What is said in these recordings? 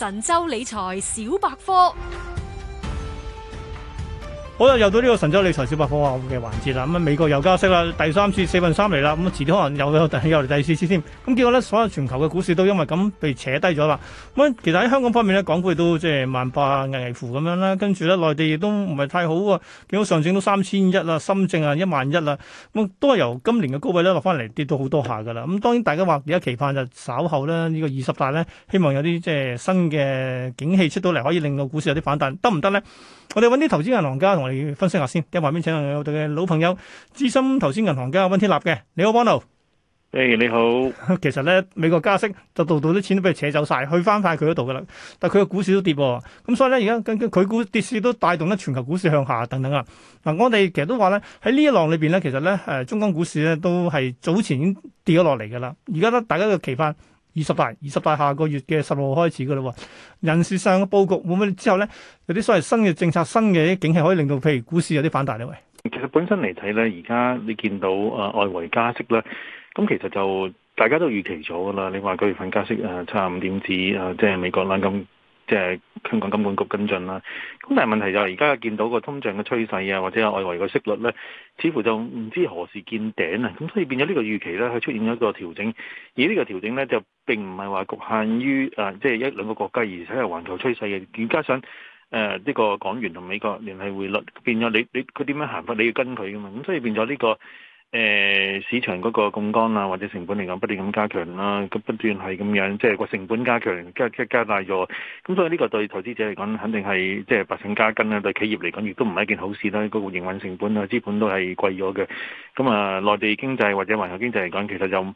神州理財小百科。好啦，又到呢個神州理財小百科嘅環節啦。咁、嗯、啊，美國又加息啦，第三次四分三嚟啦。咁、嗯、啊，遲啲可能又又嚟第四次添。咁、嗯、結果咧，所有全球嘅股市都因為咁被扯低咗啦。咁、嗯、其實喺香港方面咧，港股都即係萬八危乎咁樣啦。跟住咧，內地亦都唔係太好喎。見到上證都三千一啦，深證啊一萬一啦。咁、嗯、都係由今年嘅高位咧落翻嚟，下來下來跌到好多下㗎啦。咁、嗯、當然大家話而家期盼就稍後咧呢、呢個二十大咧，希望有啲即係新嘅景氣出到嚟，可以令到股市有啲反彈，得唔得咧？我哋揾啲投資銀行家同，嚟分析下先，咁下邊請我哋嘅老朋友、資深投資銀行家溫天納嘅，你好，Wono。誒，你好。Bon、hey, 你好 其實咧，美國加息，就度度啲錢都俾佢扯走晒，去翻晒佢嗰度噶啦。但係佢嘅股市都跌，咁所以咧，而家佢股跌市都帶動咗全球股市向下等等啦。嗱，我哋其實都話咧，喺呢一浪裏邊咧，其實咧誒，中港股市咧都係早前已經跌咗落嚟噶啦。而家咧，大家嘅期盼。二十大，二十大下個月嘅十六號開始噶啦喎，人事上嘅佈局冇乜，之後咧有啲所謂新嘅政策、新嘅景氣，可以令到譬如股市有啲反彈咧。喂，其實本身嚟睇咧，而家你見到啊、呃，外圍加息啦，咁、嗯、其實就大家都預期咗噶啦。你話九月份加息啊，七十、呃、五點子啊、呃，即係美國啦咁。嗯即係香港金管局跟進啦，咁但係問題就係而家見到個通脹嘅趨勢啊，或者係外圍嘅息率咧，似乎就唔知何時見頂啊！咁所以變咗呢個預期咧，佢出現咗一個調整，而呢個調整咧就並唔係話局限於啊，即、呃、係、就是、一兩個國家，而係環球趨勢嘅。而加上誒呢、呃這個港元同美國聯繫匯率，變咗你你佢點樣行法，你要跟佢噶嘛，咁所以變咗呢、這個。誒市場嗰個槓桿啊，或者成本嚟講不斷咁加強啦，咁不斷係咁樣，即係個成本加強加加加大咗，咁所以呢個對投資者嚟講肯定係即係百上加斤啦，對企業嚟講亦都唔係一件好事啦，個營運成本啦、資本都係貴咗嘅，咁啊內地經濟或者環球經濟嚟講，其實就。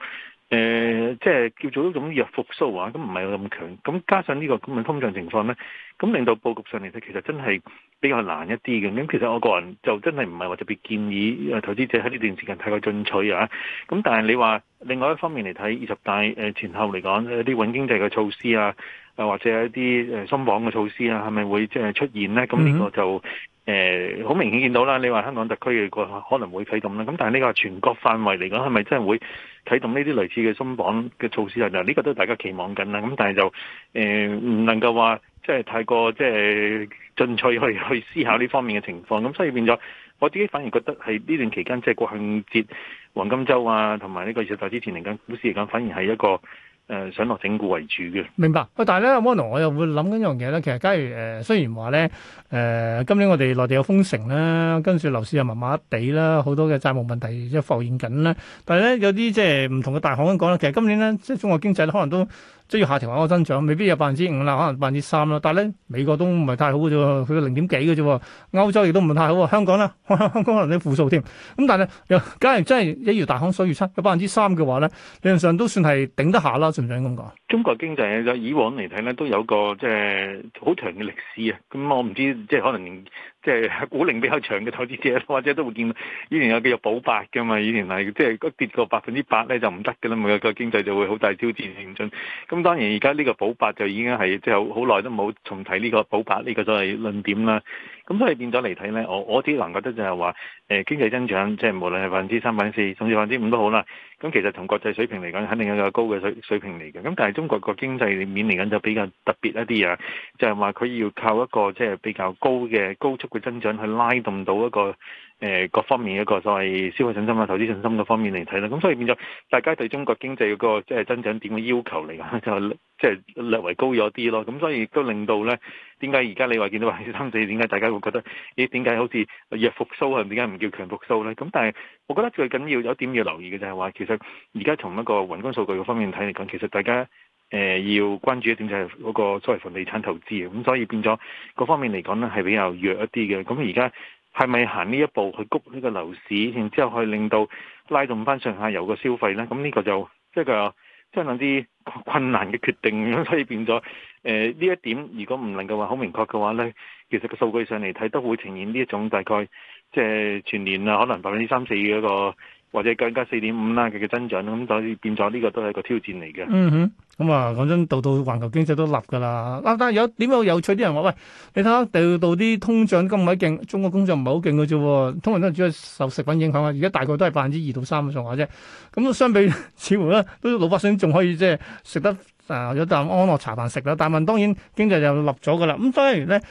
誒、呃，即係叫做一種弱復甦啊，咁唔係有咁強。咁加上呢個咁嘅通脹情況咧，咁令到佈局上嚟睇，其實真係比較難一啲嘅。咁其實我個人就真係唔係話特別建議投資者喺呢段時間太過進取啊。咁但係你話另外一方面嚟睇，二十大誒前後嚟講，一啲穩經濟嘅措施啊，誒或者一啲誒鬆綁嘅措施啊，係咪會即係出現咧？咁呢個就。誒，好、呃、明顯見到啦。你話香港特區嘅個可能會啟動啦，咁但係呢個全國範圍嚟講，係咪真係會啟動呢啲類似嘅鬆綁嘅措施啊？嗱，呢個都大家期望緊啦。咁但係就誒，唔、呃、能夠話即係太過即係進取去去，去思考呢方面嘅情況。咁所以變咗，我自己反而覺得係呢段期間即係國慶節、黃金週啊，同埋呢個二十大之前嚟緊股市嚟講，反而係一個。誒，上落整固為主嘅，明白。喂，但係咧，阿 Mono 我又會諗緊一樣嘢咧。其實，假如誒，雖然話咧，誒、呃，今年我哋內地有封城啦，跟住樓市又麻麻地啦，好多嘅債務問題即係浮現緊啦。但係咧，有啲即係唔同嘅大行講咧，其實今年咧，即係中國經濟咧，可能都。即係要下調話個增長，未必有百分之五啦，可能百分之三啦。但係咧，美國都唔係太好嘅啫，佢個零點幾嘅啫。歐洲亦都唔係太好啊。香港啦，香港可能啲負數添。咁但係又，假如真係一月大康所以出有百分之三嘅話咧，理論上都算係頂得下啦，信唔信咁講？中國經濟以往嚟睇呢，都有個即係好長嘅歷史啊！咁我唔知即係、就是、可能即係股齡比較長嘅投資者，或者都會見到以前有叫保八㗎嘛。以前係即係跌過百分之八呢，就唔得㗎啦，每個經濟就會好大挑戰競爭。咁當然而家呢個保八就已經係即係好耐都冇重提呢個保八呢個所謂論點啦。咁所以變咗嚟睇咧，我我只能覺得就係話，誒、呃、經濟增長即係無論係百分之三、百分之四，甚至百分之五都好啦。咁其實同國際水平嚟講，肯定有個高嘅水水平嚟嘅。咁但係中國個經濟面嚟講就比較特別一啲啊，就係話佢要靠一個即係比較高嘅高速嘅增長去拉動到一個。誒，各方面一個所謂消費信心啊、投資信心嗰方面嚟睇咧，咁所以變咗大家對中國經濟嗰個即係增長點嘅要求嚟講，就即係略為高咗啲咯。咁所以都令到呢點解而家你話見到話三四點解大家會覺得咦？點解好似弱復甦啊？點解唔叫強復甦呢？咁但係，我覺得最緊要有一點要留意嘅就係話，其實而家從一個宏觀數據嘅方面睇嚟講，其實大家誒、呃、要關注一點就係嗰個所謂房地產投資。咁所以變咗嗰方面嚟講呢，係比較弱一啲嘅。咁而家。係咪行呢一步去谷呢個樓市，然之後去令到拉動翻上下游嘅消費咧？咁呢個就即係佢有兩啲困難嘅決定，所以變咗誒呢一點。如果唔能夠話好明確嘅話咧，其實個數據上嚟睇都會呈現呢一種大概即係全年啊，可能百分之三四嘅一個或者更加四點五啦佢嘅增長，咁所以變咗呢個都係一個挑戰嚟嘅。嗯哼。咁啊，講真、嗯，到到環球經濟都立㗎啦。嗱，但係有點樣有，有趣啲人話：喂，你睇下度度啲通脹都咁鬼勁，中國工作唔係好勁嘅啫。通脹都主要受食品影響啊。而家大概都係百分之二到三嘅上下啫。咁、嗯、相比，似乎咧，啲老百姓仲可以即係食得啊有啖安樂茶飯食啦。但係問當然經濟又立咗㗎啦。咁當然咧。呢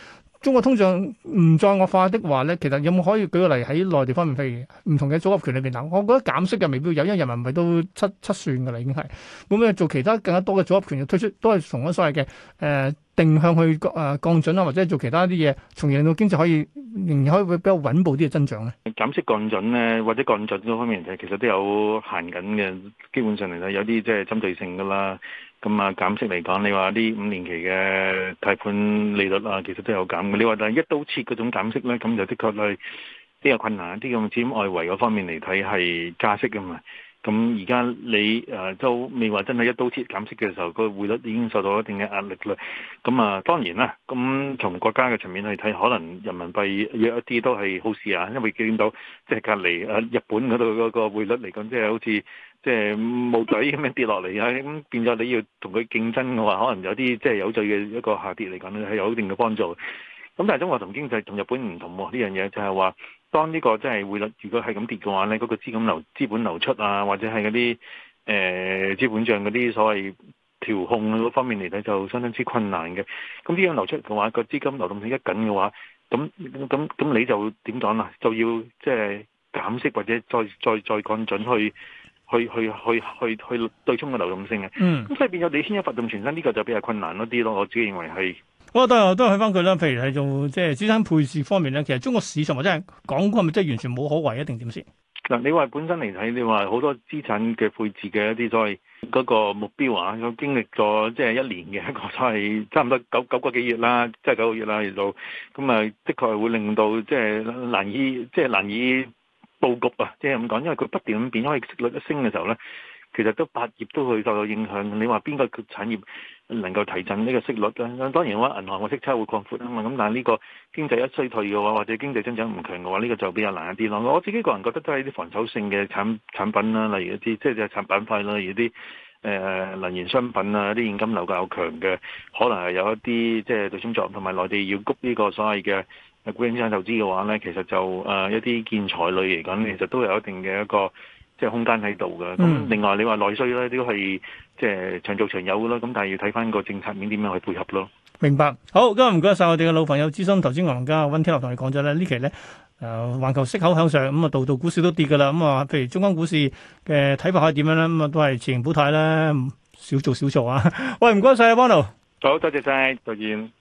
中國通脹唔再惡化的話咧，其實有冇可以舉個例喺內地方面，譬如唔同嘅組合權裏邊諗？我覺得減息嘅未必有，因為人民幣都七七算㗎喇，已經係冇咩做其他更加多嘅組合權嘅推出，都係同嗰所謂嘅誒、呃、定向去降降準啊，或者做其他啲嘢，從而令到經濟可以仍然可以比較穩步啲嘅增長咧。減息降準咧，或者降準方面就其實都有行緊嘅，基本上嚟睇有啲即係針對性噶啦。咁啊、嗯，減息嚟講，你話啲五年期嘅貸款利率啊，其實都有減。你話但係一刀切嗰種減息咧，咁就的確係啲有困難，啲用佔外圍嗰方面嚟睇係加息嘅嘛。咁而家你誒都未話真係一刀切減息嘅時候，個匯率已經受到一定嘅壓力啦。咁啊，當然啦。咁從國家嘅層面去睇，可能人民幣有一啲都係好事啊，因為見到即係、就是、隔籬誒日本嗰度嗰個匯率嚟講，即、就、係、是、好似即係冇底咁樣跌落嚟啊。咁變咗你要同佢競爭嘅話，可能有啲即係有罪嘅一個下跌嚟講咧，係有一定嘅幫助。咁但係中國同經濟同日本唔同喎、啊，呢樣嘢就係話。當呢個即係匯率，如果係咁跌嘅話咧，嗰、那個資金流資本流出啊，或者係嗰啲誒資本帳嗰啲所謂調控嗰方面嚟睇，就相當之困難嘅。咁資金流出嘅話，個資金流動性一緊嘅話，咁咁咁，你就點講啦？就要即係減息，或者再再再降準去去去去去去，去，去對沖個流動性嘅。嗯。咁所以變咗你牽一髮動全身，呢、這個就比較困難一啲咯。我自己認為係。我都又都睇翻佢啦，譬如係做即係資產配置方面咧，其實中國市場或者係港股係咪真係完全冇可為一定點先？嗱，你話本身嚟睇，你話好多資產嘅配置嘅一啲所謂嗰個目標啊，咁經歷咗即係一年嘅一個所謂差唔多九九個幾月啦，即係九個月啦，月度咁啊，的確會令到即係難以即係難以佈局啊！即係咁講，因為佢不斷咁變，因為息率一升嘅時候咧。其實都百業都會受到影響。你話邊個產業能夠提振呢個息率咧？當然嘅話，銀行個息差會擴闊啊嘛。咁但係呢個經濟一衰退嘅話，或者經濟增長唔強嘅話，呢、這個就比較難一啲咯。我自己個人覺得都係啲防守性嘅產產品啦，例如一啲即係產品塊啦，有啲誒能源商品啊，有啲現金流較強嘅，可能係有一啲即係對沖操作，同埋內地要谷呢個所謂嘅股息資產投資嘅話咧，其實就誒、呃、一啲建材類嚟講，其實都有一定嘅一個。嘅空間喺度嘅。咁、嗯、另外你話內需咧，都係即係長做長有嘅啦。咁但係要睇翻個政策面點樣去配合咯。明白。好，今日唔該晒我哋嘅老朋友、資深投資銀行家温天納同你講咗咧。期呢期咧誒，環、呃、球息口向上，咁啊道道股市都跌嘅啦。咁、嗯、啊，譬如中央股市嘅睇法係點樣咧？咁、嗯、啊都係持盈保泰啦，少做少做啊。 喂，唔該晒，阿 Wono。好，多謝晒，再見。